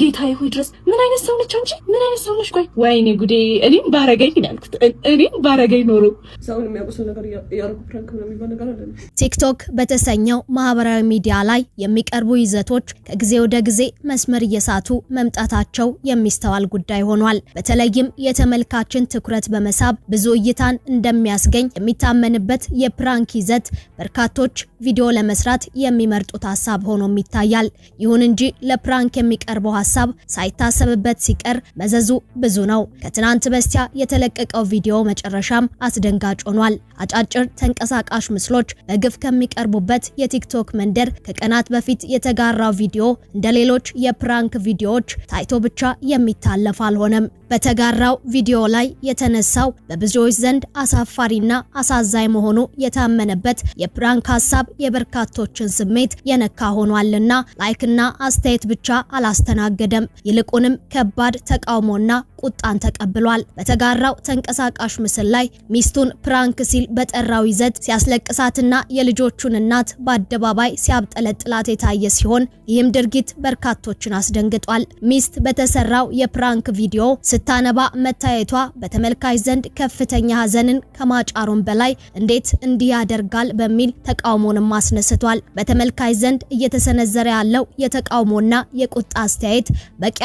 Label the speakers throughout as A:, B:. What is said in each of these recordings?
A: ጌታዬ ሆይ ድረስ። ምን አይነት ሰው ነች አንቺ? ምን አይነት ሰው ነች? ቆይ
B: ወይኔ ጉዴ! እኔም ባረገኝ ያልኩት እኔም ባረገኝ ኖሮ
C: ሰውን የሚያቆሰው ነገር ያርጉ ፕራንክ ነው የሚባል ነገር አለ።
D: ቲክቶክ በተሰኘው ማህበራዊ ሚዲያ ላይ የሚቀርቡ ይዘቶች ከጊዜ ወደ ጊዜ መስመር እየሳቱ መምጣታቸው የሚስተዋል ጉዳይ ሆኗል። በተለይም የተመልካችን ትኩረት በመሳብ ብዙ እይታን እንደሚያስገኝ የሚታመንበት የፕራንክ ይዘት በርካቶች ቪዲዮ ለመስራት የሚመርጡት ሀሳብ ሆኖም ይታያል። ይሁን እንጂ ለፕራንክ የሚቀርበው ሀሳብ ሳይታሰብበት ሲቀር መዘዙ ብዙ ነው። ከትናንት በስቲያ የተለቀቀው ቪዲዮ መጨረሻም አስደንጋጭ ሆኗል። አጫጭር ተንቀሳቃሽ ምስሎች በግፍ ከሚቀርቡበት የቲክቶክ መንደር ከቀናት በፊት የተጋራው ቪዲዮ እንደ ሌሎች የፕራንክ ቪዲዮዎች ታይቶ ብቻ የሚታለፍ አልሆነም። በተጋራው ቪዲዮ ላይ የተነሳው በብዙዎች ዘንድ አሳፋሪና አሳዛኝ መሆኑ የታመነበት የፕራንክ ሀሳብ የበርካቶችን ስሜት የነካ ሆኗልና ላይክና አስተያየት ብቻ አላስተናገደም። ይልቁንም ከባድ ተቃውሞና ቁጣን ተቀብሏል። በተጋራው ተንቀሳቃሽ ምስል ላይ ሚስቱን ፕራንክ ሲል በጠራው ይዘት ሲያስለቅሳትና የልጆቹን እናት በአደባባይ ሲያብጠለጥላት የታየ ሲሆን ይህም ድርጊት በርካቶችን አስደንግጧል። ሚስት በተሰራው የፕራንክ ቪዲዮ ስታነባ መታየቷ በተመልካች ዘንድ ከፍተኛ ሀዘንን ከማጫሩን በላይ እንዴት እንዲህ ያደርጋል በሚል ተቃውሞንም አስነስቷል። በተመልካች ዘንድ እየተሰነዘረ ያለው የተቃውሞና የቁጣ አስተያየት በቂ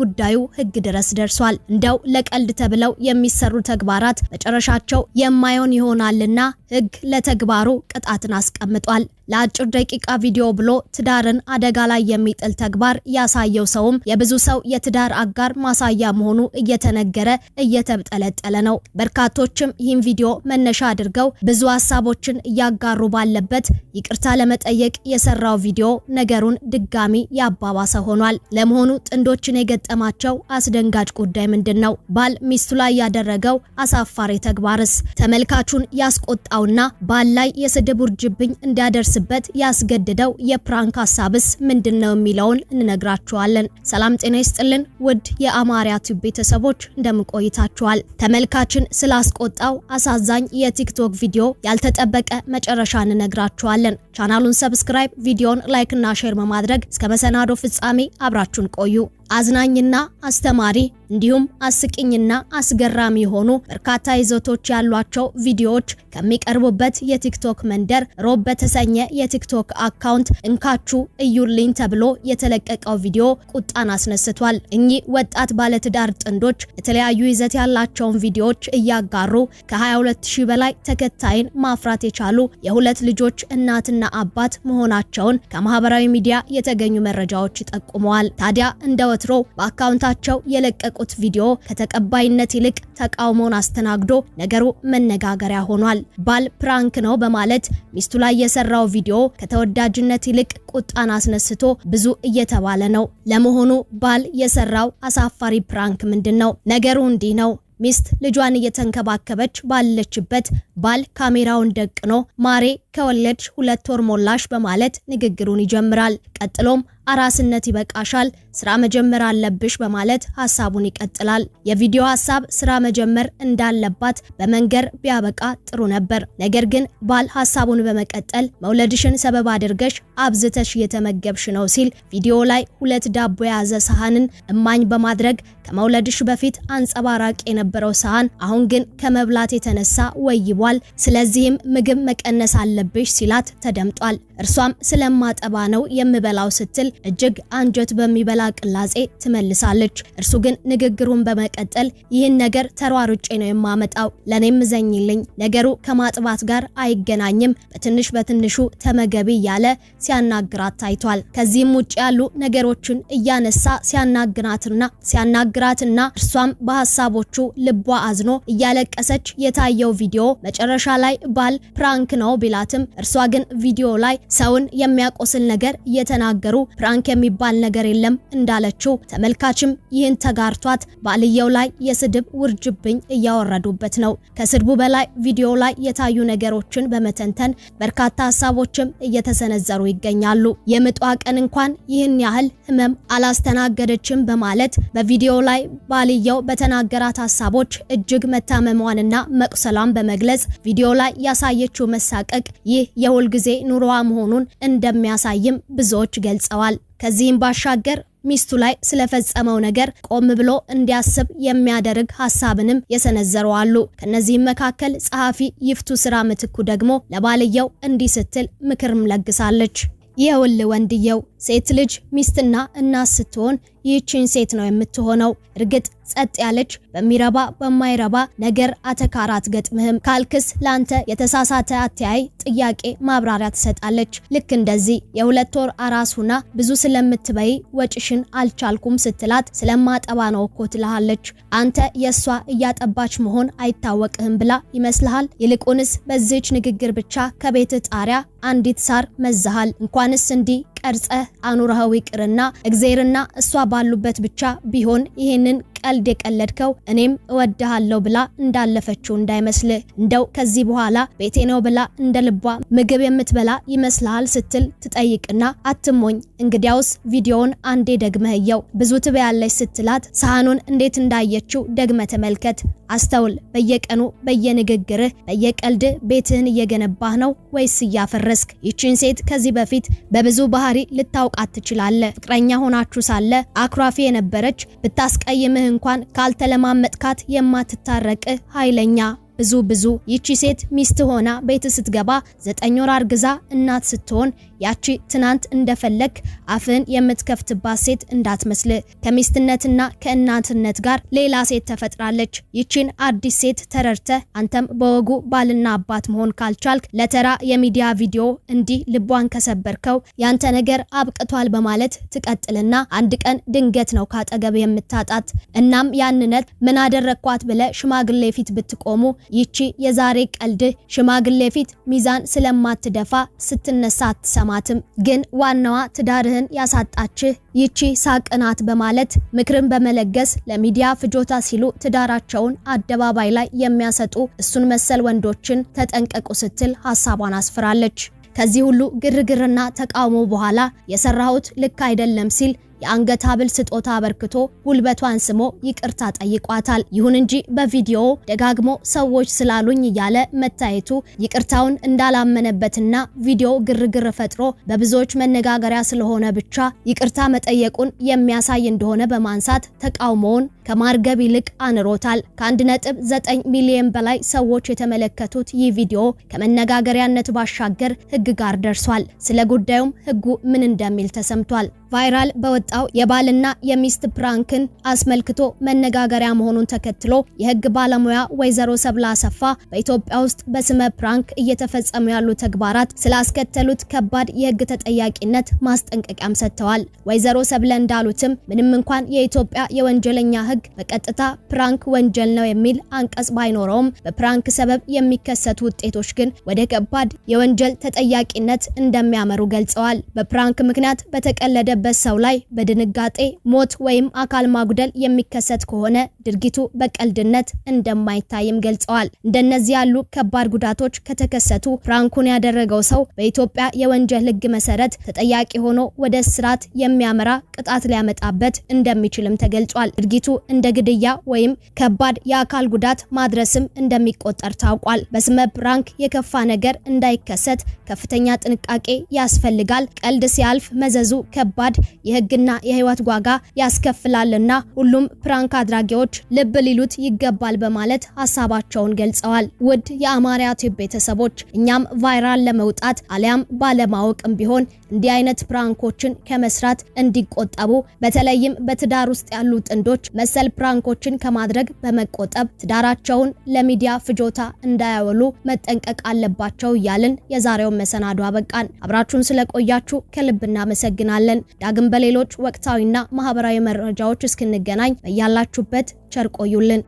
D: ጉዳዩ ሕግ ድረስ ደርሷል። እንደው ለቀልድ ተብለው የሚሰሩ ተግባራት መጨረሻቸው የማይሆን ይሆናልና ሕግ ለተግባሩ ቅጣትን አስቀምጧል። ለአጭር ደቂቃ ቪዲዮ ብሎ ትዳርን አደጋ ላይ የሚጥል ተግባር ያሳየው ሰውም የብዙ ሰው የትዳር አጋር ማሳያ መሆኑ እየተነገረ እየተብጠለጠለ ነው። በርካቶችም ይህን ቪዲዮ መነሻ አድርገው ብዙ ሀሳቦችን እያጋሩ ባለበት ይቅርታ ለመጠየቅ የሰራው ቪዲዮ ነገሩን ድጋሚ ያባባሰ ሆኗል። ለመሆኑ ጥንዶችን የገጠማቸው አስደንጋጭ ጉዳይ ምንድን ነው? ባል ሚስቱ ላይ ያደረገው አሳፋሪ ተግባርስ ተመልካቹን ያስቆጣውና ባል ላይ የስድብ ውርጅብኝ እንዲያደርስ እንድንደርስበት ያስገደደው የፕራንክ ሀሳብስ ምንድን ነው የሚለውን እንነግራችኋለን። ሰላም ጤና ይስጥልን ውድ የአማርያ ቲዩብ ቤተሰቦች እንደምን ቆይታችኋል? ተመልካችን ስላስቆጣው አሳዛኝ የቲክቶክ ቪዲዮ ያልተጠበቀ መጨረሻ እንነግራችኋለን። ቻናሉን ሰብስክራይብ፣ ቪዲዮን ላይክ እና ሼር በማድረግ እስከ መሰናዶ ፍጻሜ አብራችሁን ቆዩ። አዝናኝና አስተማሪ እንዲሁም አስቂኝና አስገራሚ የሆኑ በርካታ ይዘቶች ያሏቸው ቪዲዮዎች ከሚቀርቡበት የቲክቶክ መንደር ሮብ በተሰኘ የቲክቶክ አካውንት እንካቹ እዩልኝ ተብሎ የተለቀቀው ቪዲዮ ቁጣን አስነስቷል። እኚህ ወጣት ባለትዳር ጥንዶች የተለያዩ ይዘት ያላቸውን ቪዲዮዎች እያጋሩ ከ22000 በላይ ተከታይን ማፍራት የቻሉ የሁለት ልጆች እናትና አባት መሆናቸውን ከማህበራዊ ሚዲያ የተገኙ መረጃዎች ይጠቁመዋል። ታዲያ እንደ ተገትሮ በአካውንታቸው የለቀቁት ቪዲዮ ከተቀባይነት ይልቅ ተቃውሞን አስተናግዶ ነገሩ መነጋገሪያ ሆኗል። ባል ፕራንክ ነው በማለት ሚስቱ ላይ የሰራው ቪዲዮ ከተወዳጅነት ይልቅ ቁጣን አስነስቶ ብዙ እየተባለ ነው። ለመሆኑ ባል የሰራው አሳፋሪ ፕራንክ ምንድን ነው? ነገሩ እንዲህ ነው። ሚስት ልጇን እየተንከባከበች ባለችበት ባል ካሜራውን ደቅኖ ማሬ ከወለድሽ ሁለት ወር ሞላሽ በማለት ንግግሩን ይጀምራል። ቀጥሎም አራስነት ይበቃሻል፣ ስራ መጀመር አለብሽ በማለት ሀሳቡን ይቀጥላል። የቪዲዮ ሀሳብ ስራ መጀመር እንዳለባት በመንገር ቢያበቃ ጥሩ ነበር። ነገር ግን ባል ሀሳቡን በመቀጠል መውለድሽን ሰበብ አድርገሽ አብዝተሽ እየተመገብሽ ነው ሲል ቪዲዮ ላይ ሁለት ዳቦ የያዘ ሰሃንን እማኝ በማድረግ ከመውለድሽ በፊት አንጸባራቂ የነበረው ሰሃን አሁን ግን ከመብላት የተነሳ ወይቧል፣ ስለዚህም ምግብ መቀነስ አለብሽ ሲላት ተደምጧል። እርሷም ስለማጠባ ነው የምበላው ስትል እጅግ አንጀት በሚበላ ቅላጼ ትመልሳለች። እርሱ ግን ንግግሩን በመቀጠል ይህን ነገር ተሯሩጬ ነው የማመጣው፣ ለእኔም ዘኝልኝ፣ ነገሩ ከማጥባት ጋር አይገናኝም፣ በትንሽ በትንሹ ተመገቢ እያለ ሲያናግራት ታይቷል። ከዚህም ውጭ ያሉ ነገሮችን እያነሳ ሲያናግራትና ሲያናግራትና እርሷም በሀሳቦቹ ልቧ አዝኖ እያለቀሰች የታየው ቪዲዮ መጨረሻ ላይ ባል ፕራንክ ነው ቢላትም እርሷ ግን ቪዲዮ ላይ ሰውን የሚያቆስል ነገር የተናገሩ ፕራንክ የሚባል ነገር የለም እንዳለችው ተመልካችም ይህን ተጋርቷት ባልየው ላይ የስድብ ውርጅብኝ እያወረዱበት ነው። ከስድቡ በላይ ቪዲዮ ላይ የታዩ ነገሮችን በመተንተን በርካታ ሀሳቦችም እየተሰነዘሩ ይገኛሉ። የምጧ ቀን እንኳን ይህን ያህል ህመም አላስተናገደችም በማለት በቪዲዮ ላይ ባልየው በተናገራት ሀሳቦች እጅግ መታመሟንና መቁሰሏን በመግለጽ ቪዲዮ ላይ ያሳየችው መሳቀቅ ይህ የሁልጊዜ ኑሮዋ መሆ መሆኑን እንደሚያሳይም ብዙዎች ገልጸዋል። ከዚህም ባሻገር ሚስቱ ላይ ስለፈጸመው ነገር ቆም ብሎ እንዲያስብ የሚያደርግ ሀሳብንም የሰነዘሩ አሉ። ከነዚህም መካከል ጸሐፊ ይፍቱ ስራ ምትኩ ደግሞ ለባልየው እንዲህ ስትል ምክርም ለግሳለች። ይኸውልህ ወንድየው ሴት ልጅ ሚስትና እናት ስትሆን ይህችን ሴት ነው የምትሆነው። እርግጥ ጸጥ ያለች በሚረባ በማይረባ ነገር አተካራ አትገጥምህም። ካልክስ ለአንተ የተሳሳተ አተያይ፣ ጥያቄ፣ ማብራሪያ ትሰጣለች። ልክ እንደዚህ የሁለት ወር አራስ ሁና ብዙ ስለምትበይ ወጭሽን አልቻልኩም ስትላት ስለማጠባ ነው እኮ ትልሃለች። አንተ የእሷ እያጠባች መሆን አይታወቅህም ብላ ይመስልሃል? ይልቁንስ በዚህች ንግግር ብቻ ከቤትህ ጣሪያ አንዲት ሳር መዝሃል። እንኳንስ እንዲህ ቀርጸህ አኑረኸው ይቅርና እግዜርና እሷ ባሉበት ብቻ ቢሆን ይህንን ቀልድ የቀለድከው እኔም እወድሃለሁ ብላ እንዳለፈችው እንዳይመስል እንደው ከዚህ በኋላ ቤቴ ነው ብላ እንደ ልቧ ምግብ የምትበላ ይመስልሃል ስትል ትጠይቅና አትሞኝ፣ እንግዲያውስ ቪዲዮውን አንዴ ደግመህ እየው ብዙ ትበያለች ስትላት ሳህኑን እንዴት እንዳየችው ደግመ ተመልከት። አስተውል። በየቀኑ በየንግግርህ በየቀልድ ቤትህን እየገነባህ ነው ወይስ እያፈረስክ? ይቺን ሴት ከዚህ በፊት በብዙ ባህሪ ልታውቃት ትችላለህ። ፍቅረኛ ሆናችሁ ሳለ አኩራፊ የነበረች ብታስቀይምህ እንኳን ካልተለማመጥካት የማትታረቅ ኃይለኛ ብዙ ብዙ ይቺ ሴት ሚስት ሆና ቤት ስትገባ ዘጠኝ ወር አርግዛ እናት ስትሆን ያቺ ትናንት እንደፈለግ አፍን የምትከፍትባት ሴት እንዳትመስል። ከሚስትነትና ከእናትነት ጋር ሌላ ሴት ተፈጥራለች። ይቺን አዲስ ሴት ተረድተ አንተም በወጉ ባልና አባት መሆን ካልቻልክ ለተራ የሚዲያ ቪዲዮ እንዲህ ልቧን ከሰበርከው ያንተ ነገር አብቅቷል በማለት ትቀጥልና አንድ ቀን ድንገት ነው ካጠገብ የምታጣት። እናም ያንነት ምን አደረግኳት ብለ ሽማግሌ ፊት ብትቆሙ ይቺ የዛሬ ቀልድህ ሽማግሌ ፊት ሚዛን ስለማትደፋ ስትነሳ አትሰማ አልተሰማትም። ግን ዋናዋ ትዳርህን ያሳጣችህ ይቺ ሳቅናት በማለት ምክርን በመለገስ ለሚዲያ ፍጆታ ሲሉ ትዳራቸውን አደባባይ ላይ የሚያሰጡ እሱን መሰል ወንዶችን ተጠንቀቁ ስትል ሀሳቧን አስፍራለች። ከዚህ ሁሉ ግርግርና ተቃውሞ በኋላ የሰራሁት ልክ አይደለም ሲል የአንገት ሐብል ስጦታ አበርክቶ ጉልበቷን ስሞ ይቅርታ ጠይቋታል። ይሁን እንጂ በቪዲዮ ደጋግሞ ሰዎች ስላሉኝ እያለ መታየቱ ይቅርታውን እንዳላመነበትና ቪዲዮ ግርግር ፈጥሮ በብዙዎች መነጋገሪያ ስለሆነ ብቻ ይቅርታ መጠየቁን የሚያሳይ እንደሆነ በማንሳት ተቃውሞውን ከማርገብ ይልቅ አኑሮታል። ከ1.9 ሚሊዮን በላይ ሰዎች የተመለከቱት ይህ ቪዲዮ ከመነጋገሪያነት ባሻገር ሕግ ጋር ደርሷል። ስለ ጉዳዩም ሕጉ ምን እንደሚል ተሰምቷል። ቫይራል በወጣው የባልና የሚስት ፕራንክን አስመልክቶ መነጋገሪያ መሆኑን ተከትሎ የህግ ባለሙያ ወይዘሮ ሰብለ አሰፋ በኢትዮጵያ ውስጥ በስመ ፕራንክ እየተፈጸሙ ያሉ ተግባራት ስላስከተሉት ከባድ የህግ ተጠያቂነት ማስጠንቀቂያም ሰጥተዋል። ወይዘሮ ሰብለ እንዳሉትም ምንም እንኳን የኢትዮጵያ የወንጀለኛ ህግ በቀጥታ ፕራንክ ወንጀል ነው የሚል አንቀጽ ባይኖረውም በፕራንክ ሰበብ የሚከሰቱ ውጤቶች ግን ወደ ከባድ የወንጀል ተጠያቂነት እንደሚያመሩ ገልጸዋል። በፕራንክ ምክንያት በተቀለደ በደረሰበት ሰው ላይ በድንጋጤ ሞት ወይም አካል ማጉደል የሚከሰት ከሆነ ድርጊቱ በቀልድነት እንደማይታይም ገልጸዋል። እንደነዚህ ያሉ ከባድ ጉዳቶች ከተከሰቱ ፍራንኩን ያደረገው ሰው በኢትዮጵያ የወንጀል ሕግ መሰረት ተጠያቂ ሆኖ ወደ እስራት የሚያመራ ቅጣት ሊያመጣበት እንደሚችልም ተገልጿል። ድርጊቱ እንደ ግድያ ወይም ከባድ የአካል ጉዳት ማድረስም እንደሚቆጠር ታውቋል። በስመ ፕራንክ የከፋ ነገር እንዳይከሰት ከፍተኛ ጥንቃቄ ያስፈልጋል። ቀልድ ሲያልፍ መዘዙ ከባድ ፈቃድ የህግና የህይወት ዋጋ ያስከፍላልና ሁሉም ፕራንክ አድራጊዎች ልብ ሊሉት ይገባል በማለት ሀሳባቸውን ገልጸዋል። ውድ የአማርያ ቲዩብ ቤተሰቦች እኛም ቫይራል ለመውጣት አሊያም ባለማወቅም ቢሆን እንዲህ አይነት ፕራንኮችን ከመስራት እንዲቆጠቡ በተለይም በትዳር ውስጥ ያሉ ጥንዶች መሰል ፕራንኮችን ከማድረግ በመቆጠብ ትዳራቸውን ለሚዲያ ፍጆታ እንዳያወሉ መጠንቀቅ አለባቸው እያልን የዛሬውን መሰናዶ አበቃን። አብራችሁን ስለቆያችሁ ከልብ እናመሰግናለን። ዳግም በሌሎች ወቅታዊና ማህበራዊ መረጃዎች እስክንገናኝ በያላችሁበት ቸር ቆዩልን።